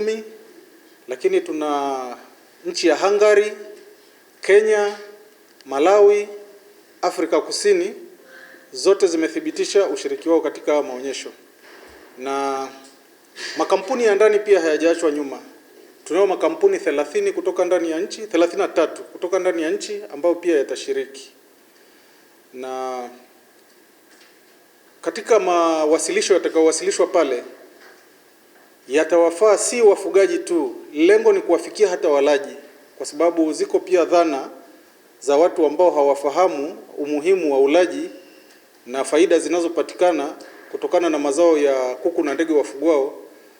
kumi, lakini tuna nchi ya Hungary, Kenya, Malawi, Afrika Kusini zote zimethibitisha ushiriki wao katika maonyesho, na makampuni ya ndani pia hayajaachwa nyuma. Tunao makampuni 30 kutoka ndani ya nchi, 33 kutoka ndani ya nchi ambayo pia yatashiriki. Na katika mawasilisho yatakayowasilishwa pale yatawafaa si wafugaji tu, lengo ni kuwafikia hata walaji, kwa sababu ziko pia dhana za watu ambao hawafahamu umuhimu wa ulaji na faida zinazopatikana kutokana na mazao ya kuku na ndege wafugwao.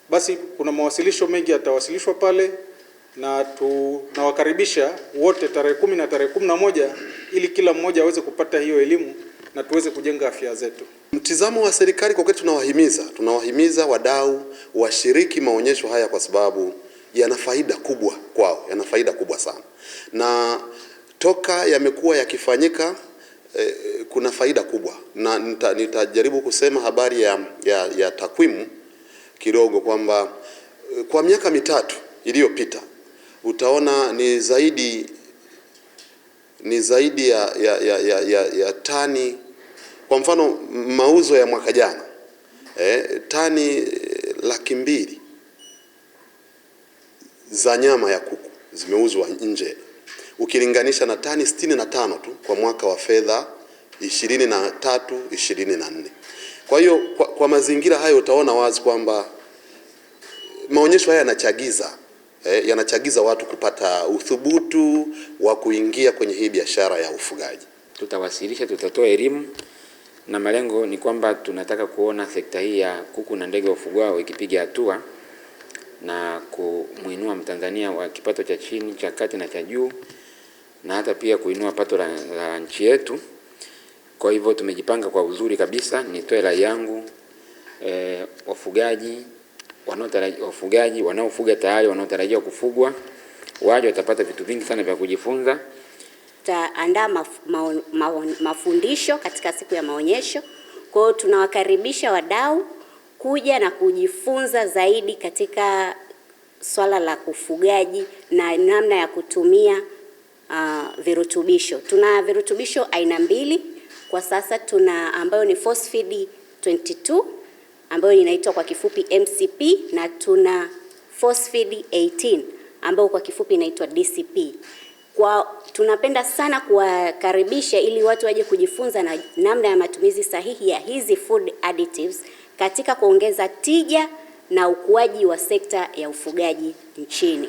Basi kuna mawasilisho mengi yatawasilishwa pale na tunawakaribisha wote tarehe kumi na tarehe kumi na moja ili kila mmoja aweze kupata hiyo elimu na tuweze kujenga afya zetu. Mtizamo wa serikali kwa kweli, tunawahimiza tunawahimiza wadau washiriki maonyesho haya kwa sababu yana faida kubwa kwao, yana faida kubwa sana, na toka yamekuwa yakifanyika eh, kuna faida kubwa, na nitajaribu nita kusema habari ya, ya, ya takwimu kidogo kwamba eh, kwa miaka mitatu iliyopita utaona ni zaidi ni zaidi ya, ya, ya, ya, ya, ya tani kwa mfano mauzo ya mwaka jana eh, tani eh, laki mbili za nyama ya kuku zimeuzwa nje ukilinganisha na tani sitini na tano tu kwa mwaka wa fedha ishirini na tatu ishirini na nne Kwa hiyo kwa, kwa mazingira hayo utaona wazi kwamba maonyesho haya yanachagiza e, yanachagiza watu kupata uthubutu wa kuingia kwenye hii biashara ya ufugaji. Tutawasilisha, tutatoa elimu na malengo ni kwamba tunataka kuona sekta hii ya kuku na ndege wafugwao ikipiga hatua na kumwinua Mtanzania wa kipato cha chini, cha kati na cha juu na hata pia kuinua pato la, la nchi yetu. Kwa hivyo tumejipanga kwa uzuri kabisa. Nitoe rai yangu e, wafugaji wanaotarajia wafugaji wanaofuga tayari wanaotarajia kufugwa waje, watapata vitu vingi sana vya kujifunza. Tutaandaa maf ma ma mafundisho katika siku ya maonyesho. Kwa hiyo tunawakaribisha wadau kuja na kujifunza zaidi katika swala la ufugaji na namna ya kutumia uh, virutubisho. Tuna virutubisho aina mbili kwa sasa, tuna ambayo ni phosphid 22 ambayo inaitwa kwa kifupi MCP na tuna Phosphid 18 ambayo kwa kifupi inaitwa DCP. Kwa tunapenda sana kuwakaribisha ili watu waje kujifunza na namna ya matumizi sahihi ya hizi food additives katika kuongeza tija na ukuaji wa sekta ya ufugaji nchini.